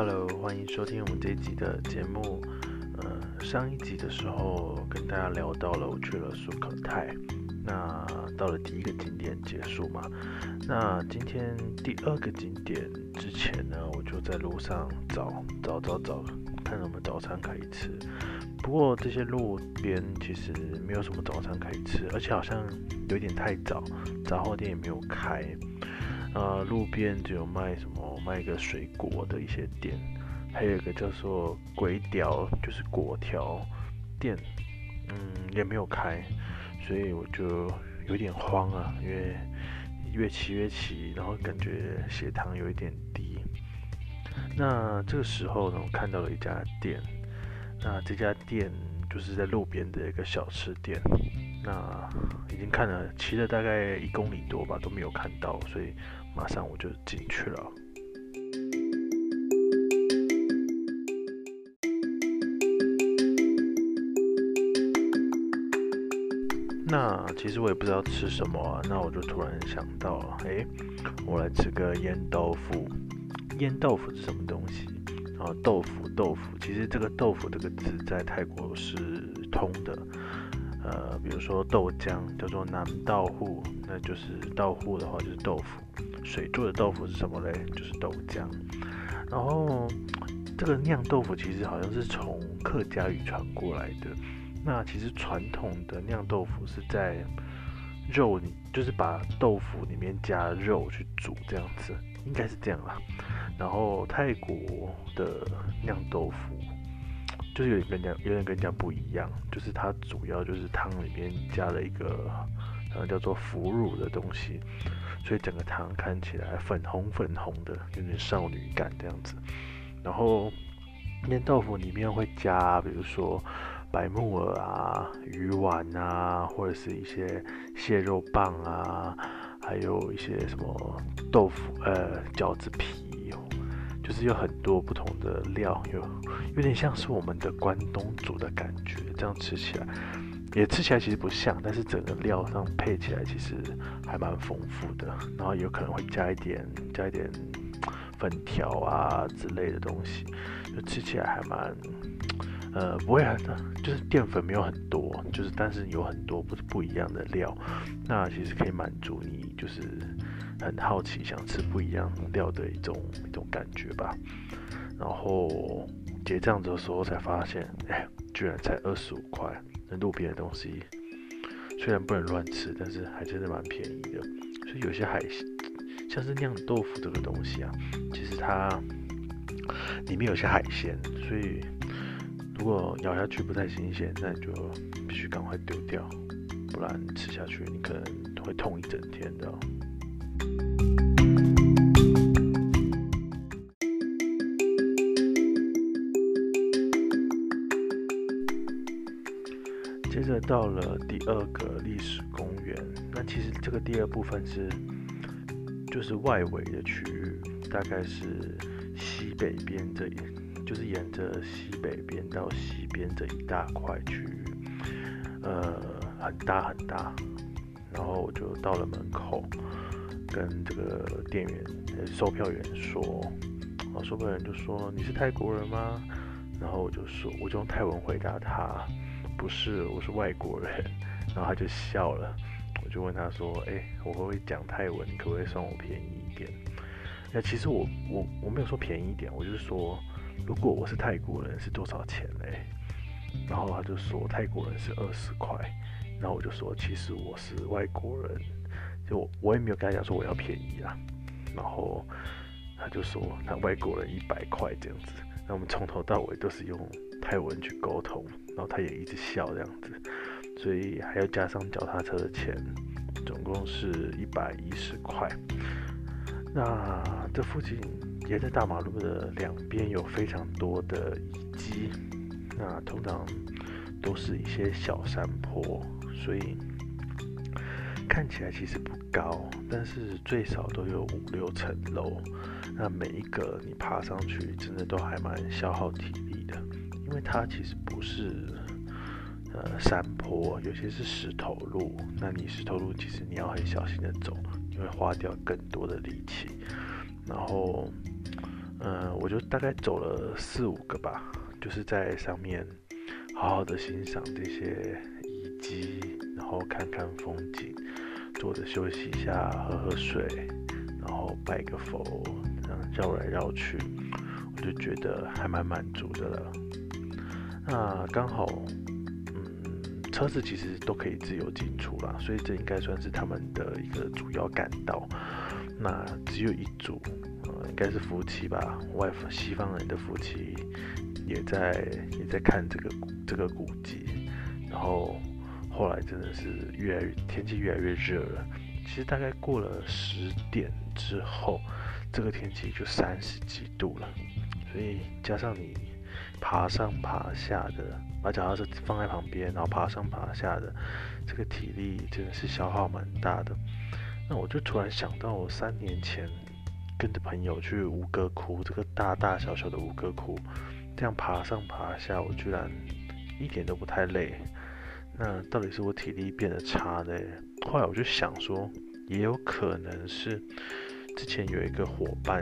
Hello，歡迎收聽我們這一集的節目。呃，上一集的時候跟大家聊到了我去了素可泰，那到了第一個景點結束嘛。那今天第二個景點之前呢，我就在路上找找找找，看有沒有早餐可以吃。不過這些路邊其實沒有什麼早餐可以吃，而且好像有點太早，雜貨店也沒有開。呃，路邊只有賣什麼，賣一個水果的一些店，還有一個叫做“鬼條”，就是果條店，嗯，也沒有開，所以我就有點慌啊，因為越騎越騎，然後感覺血糖有一點低。那這個時候呢，我看到了一家店，那這家店就是在路邊的一個小吃店，那已經看了騎了大概一公里多吧，都沒有看到，所以馬上我就進去了。那其實我也不知道吃什麼啊，那我就突然想到，誒，我來吃個醃豆腐。醃豆腐是什麼東西？然後豆腐，豆腐，其實這個豆腐這個字在泰國是通的。呃，比如說豆漿叫做南道戶，那就是道戶的話就是豆腐。水做的豆腐是什麼嘞？就是豆漿。然後這個釀豆腐其實好像是從客家語傳過來的。那其實傳統的釀豆腐是在肉裡，就是把豆腐裡面加肉去煮這樣子，應該是這樣啦。然後泰國的釀豆腐就是有點跟人家，有點跟人家不一樣，就是它主要就是湯裡面加了一個叫做腐乳的東西，所以整個湯看起來粉紅粉紅的，有點少女感這樣子。然後釀豆腐裡面會加，比如說。白木耳啊，魚丸啊，或者是一些蟹肉棒啊，還有一些什麼豆腐呃餃子皮哦。就是有很多不同的料，有有點像是我們的關東煮的感覺，這樣吃起來也吃起來其實不像，但是整個料上配起來其實還蠻豐富的，然後有可能會加一點加一點粉條啊之類的東西，就吃起來還蠻。呃，不會很、呃，就是澱粉沒有很多，就是但是有很多不不一樣的料，那其實可以滿足你就是很好奇想吃不一樣料的一種一種感覺吧。然後結賬的時候才發現，哎、欸，居然才二十五塊。那路邊的東西雖然不能亂吃，但是還真的蠻便宜的。所以有些海鮮，像是釀豆腐這個東西啊，其實它裡面有些海鮮，所以。如果咬下去不太新鮮，那你就必須趕快丟掉，不然吃下去你可能會痛一整天的哦。接着到了第二個歷史公園，那其實這個第二部分是就是外圍的區域，大概是西北邊這裡。就是沿着西北邊到西邊這一大塊區域，呃，很大很大。然後我就到了門口，跟這個店員、售票員說，然後售票員就說：“你是泰國人嗎？”然後我就說：“我就用泰文回答他，不是，我是外國人。”然後他就笑了。我就問他說：“誒、欸，我會不會講泰文，可不可以算我便宜一點？”那、呃、其實我我我沒有說便宜一點，我就是說。如果我是泰國人是多少錢呢？然後他就說，泰國人是二十塊，然後我就說其實我是外國人，就我我也沒有跟他講說我要便宜啊。然後他就說那外國人一百塊這樣子。那我們從頭到尾都是用泰文去溝通，然後他也一直笑這樣子。所以還要加上腳踏車的錢，總共是一百一十塊。那這附近。也在大馬路的兩邊有非常多的遺跡，那通常都是一些小山坡，所以看起來其實不高，但是最少都有五六層樓。那每一個你爬上去，真的都還蠻消耗體力的，因為它其實不是呃山坡，有些是石頭路。那你石頭路其實你要很小心的走，你會花掉更多的力氣。然後，嗯、呃，我就大概走了四五個吧，就是在上面好好的欣賞這些遺跡，然後看看風景，坐着休息一下，喝喝水，然後拜個佛，然後繞來繞去，我就覺得還蠻滿足的了。那剛好，嗯，車子其實都可以自由進出啦，所以這應該算是他們的一個主要幹道。那只有一組，呃，應該是夫妻吧，外方西方人的夫妻也在也在看這個這個古蹟。然後後來真的是越來越，天氣越來越熱了，其實大概過了十點之後，這個天氣就三十幾度了，所以加上你爬上爬下的，把腳踏車放在旁邊，然後爬上爬下的，這個體力真的是消耗蠻大的。那我就突然想到，我三年前跟着朋友去吳哥窟，這個大大小小的吳哥窟，這樣爬上爬下，我居然一點都不太累。那到底是我體力變得差了，欸？後來我就想說，也有可能是之前有一個夥伴，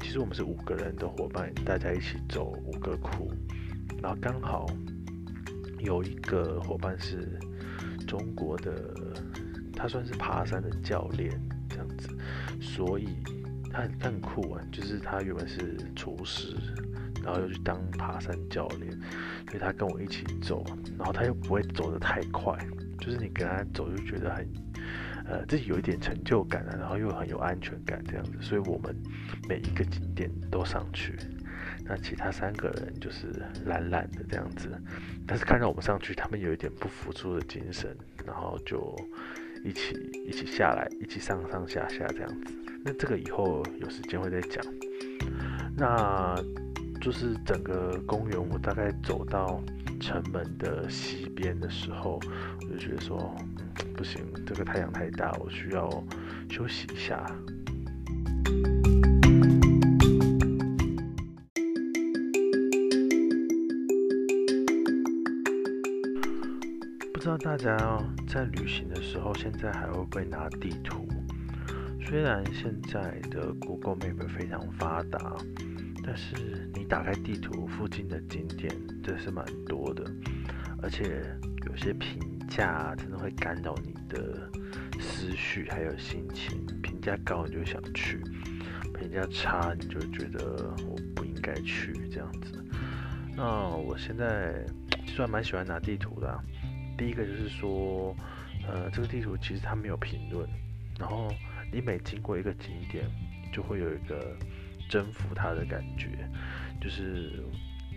其實我們是五個人的夥伴，大家一起走吳哥窟，然後剛好有一個夥伴是中國的。他算是爬山的教練這樣子，所以他很酷啊，就是他原本是廚師，然後又去當爬山教練，所以他跟我一起走，然後他又不會走得太快，就是你跟他走就覺得很，呃，自己有一點成就感啊，然後又很有安全感這樣子，所以我們每一個景點都上去，那其他三個人就是懶懶的這樣子，但是看到我們上去，他們有一點不服輸的精神，然後就。一起一起下來，一起上上下下這樣子。那這個以後有時間會再講。那就是整個公園，我大概走到城門的西邊的時候，我就覺得說，嗯，不行，這個太陽太大，我需要休息一下。大家，哦、在旅行的時候，現在還會不會拿地圖？雖然現在的 Google Map 非常發達，但是你打開地圖，附近的景點真是蠻多的，而且有些評價真的會干擾你的思緒還有心情。評價高你就想去，評價差你就覺得我不應該去這樣子。那我現在雖然蠻喜歡拿地圖的，啊。第一個就是說，呃，這個地圖其實它沒有評論，然後你每經過一個景點，就會有一個征服它的感覺，就是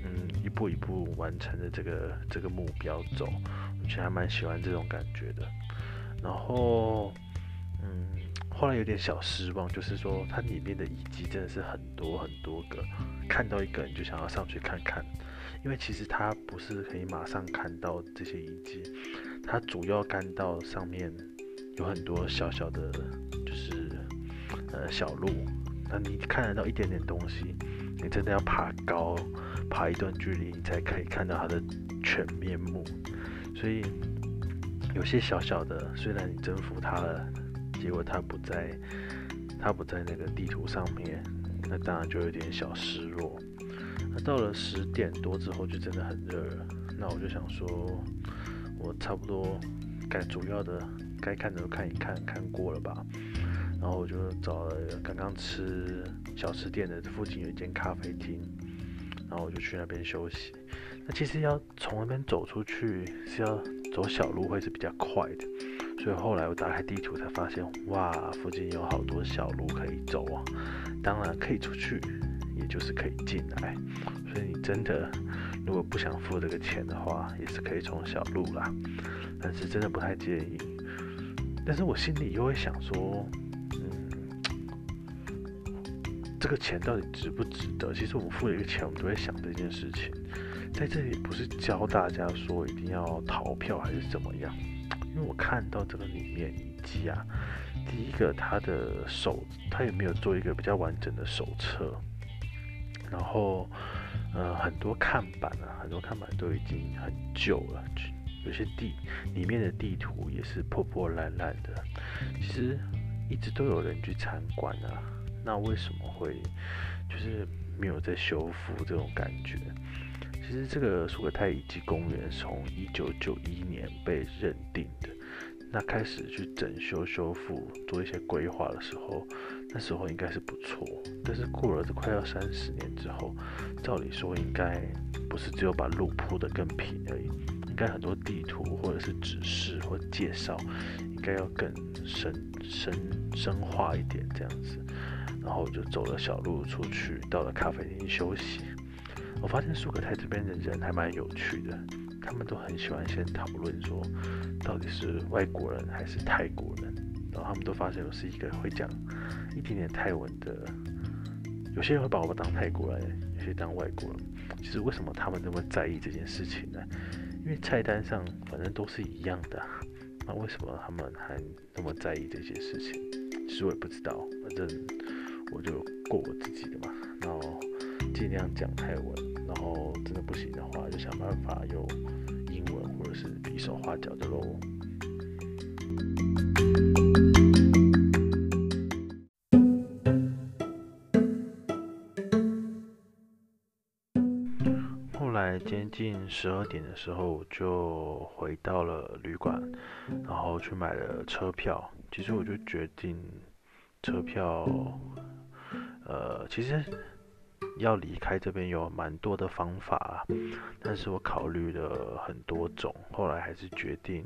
嗯一步一步完成的這個這個目標走，我其實還蠻喜歡這種感覺的。然後嗯，後來有點小失望，就是說它裡面的遺跡真的是很多很多個，看到一個你就想要上去看看。因為其實它不是可以馬上看到這些遺跡，它主要看到上面有很多小小的，就是呃小路，那你看得到一點點東西，你真的要爬高爬一段距離，你才可以看到它的全面目。所以有些小小的，雖然你征服它了，結果它不在，它不在那個地圖上面，那當然就有點小失落。那到了十點多之後，就真的很熱了。那我就想說，我差不多該主要的、該看的都看一看，看過了吧。然後我就找了剛剛吃小吃店的附近有一間咖啡廳，然後我就去那邊休息。那其實要從那邊走出去是要走小路會是比較快的，所以後來我打開地圖才發現，哇，附近有好多小路可以走啊，當然可以出去。也就是可以進來，所以你真的如果不想付這個錢的話，也是可以從小路啦。但是真的不太建議。但是我心裡又會想說，嗯，這個錢到底值不值得？其實我們付了一個錢，我們都會想這件事情。在這裡不是教大家說一定要逃票還是怎麼樣，因為我看到這個裡面以及啊，第一個他的手，他有沒有做一個比較完整的手冊？然後，呃，很多看板啊，很多看板都已經很舊了，有些地裡面的地圖也是破破爛爛的。其實一直都有人去參觀啊，那為什麼會就是沒有在修復這種感覺？其實這個素可泰遺跡公園從一九九一年被認定的，那開始去整修、修復、做一些規劃的時候。那時候應該是不錯，但是過了這快要三十年之後，照理說應該不是只有把路鋪得更平而已，應該很多地圖或者是指示或介紹，應該要更深深深化一點這樣子。然後我就走了小路出去，到了咖啡廳休息。我發現素可泰這邊的人還蠻有趣的，他們都很喜歡先討論說，到底是外國人還是泰國人。然後他們都發現我是一個會講一點點泰文的，有些人會把我當泰國人，有些當外國人。其實為什麼他們那麼在意這件事情呢？因為菜單上反正都是一樣的，那為什麼他們還那麼在意這件事情？其實我也不知道，反正我就過我自己的嘛。然後盡量講泰文，然後真的不行的話，就想辦法用英文或者是比手畫腳的嘍。接近十二點的時候，我就回到了旅館，然後去買了車票。其實我就決定車票，呃，其實要離開這邊有蠻多的方法，但是我考慮了很多種，後來還是決定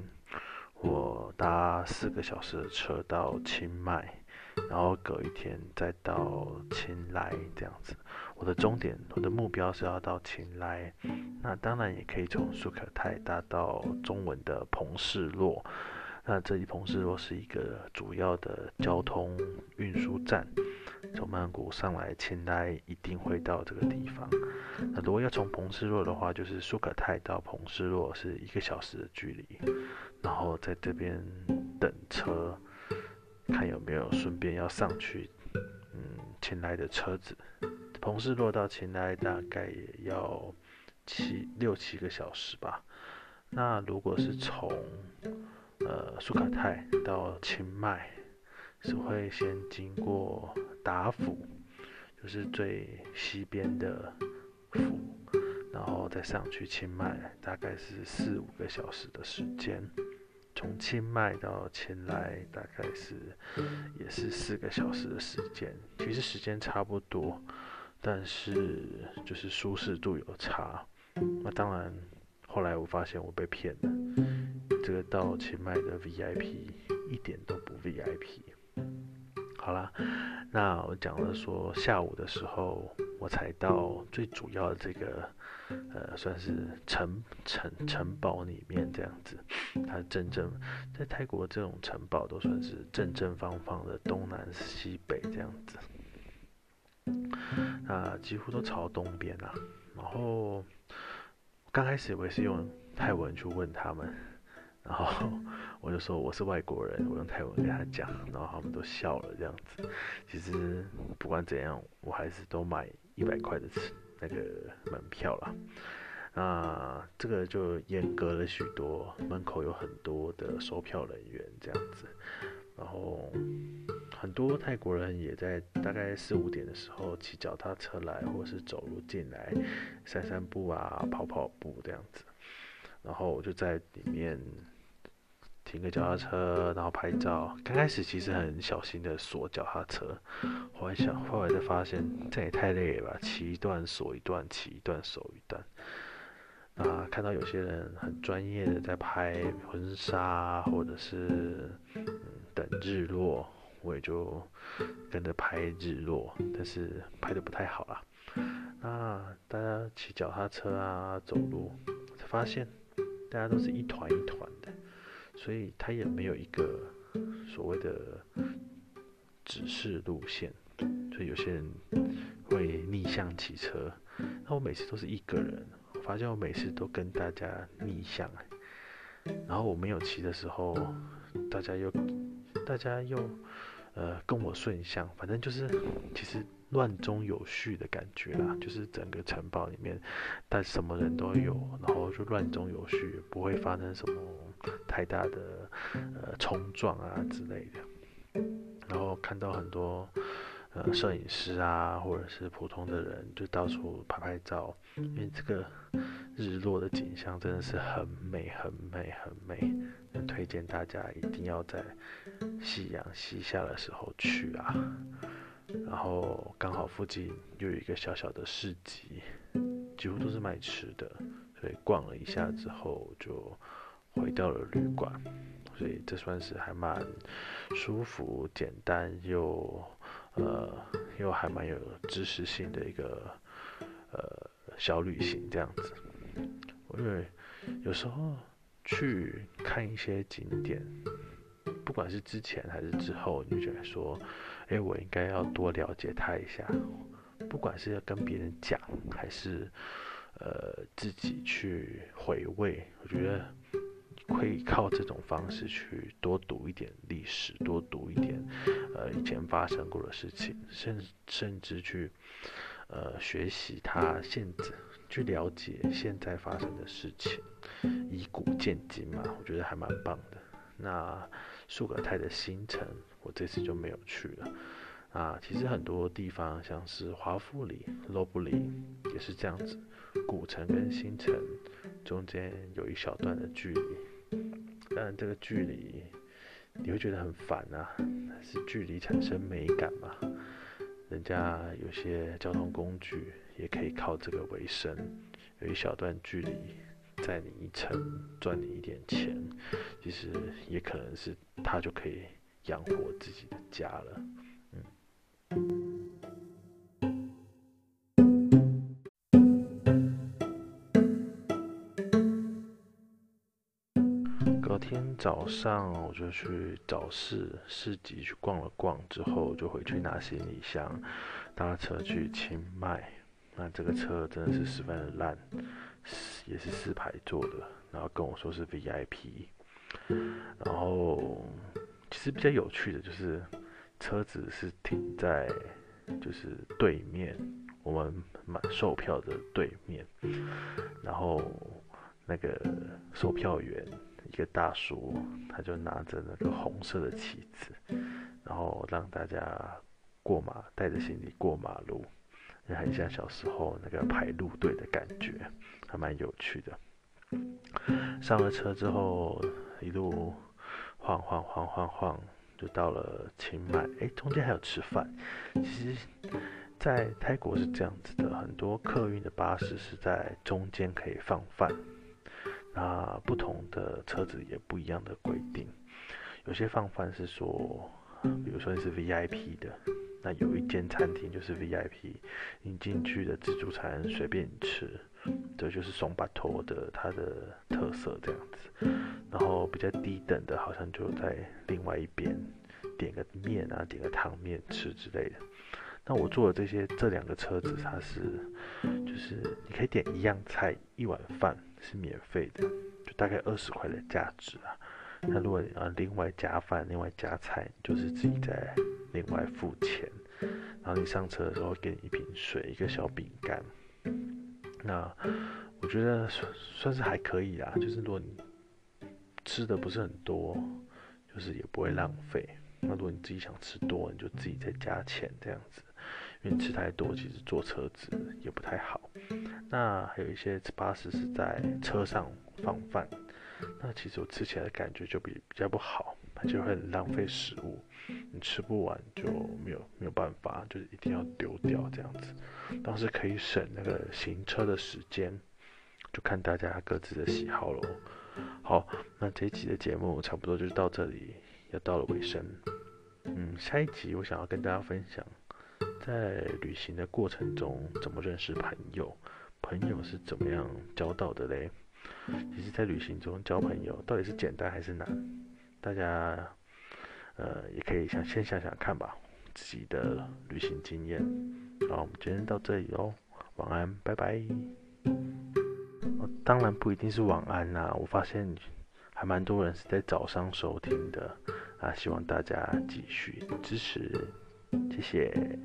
我搭四個小時的車到清邁。然後隔一天再到清萊這樣子，我的終點，我的目標是要到清萊。那當然也可以從素可泰搭到中文的彭世洛。那這裡彭世洛是一個主要的交通運輸站，從曼谷上來清萊一定會到這個地方。那如果要從彭世洛的話，就是素可泰到彭世洛是一個小時的距離，然後在這邊等車。看有沒有順便要上去，嗯，清萊的車子，彭世洛到清萊大概也要七六七個小時吧。那如果是從呃蘇卡泰到清邁，是會先經過達府，就是最西邊的府，然後再上去清邁，大概是四五個小時的時間。清邁賣到清萊，大概是也是四個小時的時間，其實時間差不多，但是就是舒適度有差。那、啊、當然，後來我發現我被騙了，這個到清邁的 VIP 一點都不 VIP。好啦，那我講了說下午的時候。我才到最主要的這個，呃，算是城城城堡裡面這樣子。它真正在泰國這種城堡都算是正正方方的，東南西北這樣子，啊，幾乎都朝東邊啊，然後剛開始我也是用泰文去問他們，然後我就說我是外國人，我用泰文跟他講，然後他們都笑了這樣子。其實不管怎樣，我還是都買一百塊的那個門票啦。啊，這個就嚴格了許多，門口有很多的售票人員這樣子，然後很多泰國人也在大概四五點的時候騎腳踏車來，或者是走路進來，散散步啊，跑跑步這樣子，然後我就在裡面。停個腳踏車，然後拍照。剛開始其實很小心的鎖腳踏車，後來想，後來才發現這也太累了吧，騎一段鎖一段，騎一段鎖一段。啊，看到有些人很專業的在拍婚紗，或者是、嗯、等日落，我也就跟着拍日落，但是拍得不太好啦。那大家騎腳踏車啊，走路，才發現大家都是一團一團的。所以他也沒有一個所謂的指示路線，所以有些人會逆向騎車。那我每次都是一個人，我發現我每次都跟大家逆向，然後我沒有騎的時候，大家又大家又呃跟我順向，反正就是其實。亂中有序的感覺啦，就是整個城堡裡面，但什麼人都有，然後就亂中有序，不會發生什麼太大的呃衝撞啊之類的。然後看到很多呃攝影師啊，或者是普通的人，就到處拍拍照，因為這個日落的景象真的是很美很美很美，推薦大家一定要在夕陽西下的時候去啊。然後剛好附近又有一個小小的市集，幾乎都是賣吃的，所以逛了一下之後就回到了旅館。所以這算是還蠻舒服、簡單又呃又還蠻有知識性的一個呃小旅行這樣子。我認為有時候去看一些景點，不管是之前還是之後，你就覺得說。誒，我應該要多了解他一下，不管是要跟別人講，還是呃自己去回味，我覺得可以靠這種方式去多讀一點歷史，多讀一點呃以前發生過的事情，甚甚至去呃學習他現在去了解現在發生的事情，以古鑑今嘛，我覺得還蠻棒的。那。素可泰的新城，我這次就沒有去了。啊，其實很多地方，像是華富里、羅布里，也是這樣子。古城跟新城中間有一小段的距離，但這個距離你會覺得很煩啊，是距離產生美感嘛？人家有些交通工具也可以靠這個為生，有一小段距離。載你一程，賺你一點錢，其實也可能是他就可以養活自己的家了。嗯。隔天早上我就去早市市集去逛了逛，之後就回去拿行李箱，搭車去清邁。那這個車真的是十分的爛。也是四排座的，然後跟我說是 VIP，然後其實比較有趣的就是車子是停在就是對面我們買售票的對面，然後那個售票員一個大叔，他就拿着那個紅色的旗子，然後讓大家過馬，帶着行李過馬路。也很像小時候那個排路隊的感覺，還蠻有趣的。上了車之後，一路晃晃晃晃晃晃，就到了清邁。誒、欸，中間還有吃飯。其實，在泰國是這樣子的，很多客運的巴士是在中間可以放飯。那不同的車子也不一樣的規定，有些放飯是說，比如說你是 VIP 的。那有一間餐廳就是 VIP，你進去的自助餐隨便吃，這就是松巴托的它的特色這樣子。然後比較低等的，好像就在另外一邊，點個麵啊，點個湯麵吃之類的。那我坐的這些這兩個車子，它是就是你可以點一樣菜一碗飯是免費的，就大概二十塊的價值啊。那如果你要，另外加飯，另外加菜，就是自己再另外付錢。然後你上車的時候，給你一瓶水，一個小餅乾。那我覺得算算是還可以啦，就是如果你吃的不是很多，就是也不會浪費。那如果你自己想吃多，你就自己再加錢這樣子，因為吃太多，其實坐車子也不太好。那還有一些巴士是在車上放飯。那其實我吃起來的感覺就比比較不好，而且會很浪費食物，你吃不完就沒有沒有辦法，就是一定要丟掉這樣子。但是可以省那個行車的時間，就看大家各自的喜好咯。好，那這一集的節目差不多就是到這裡，要到了尾聲。嗯，下一集我想要跟大家分享，在旅行的過程中怎麼認識朋友，朋友是怎麼樣交到的嘞？其實，在旅行中交朋友到底是簡單還是難？大家，呃，也可以想先想想看吧，自己的旅行經驗。好，我們今天到這裡哦，晚安，拜拜。哦，當然不一定是晚安啦，啊，我發現還蠻多人是在早上收聽的啊，希望大家繼續支持，謝謝。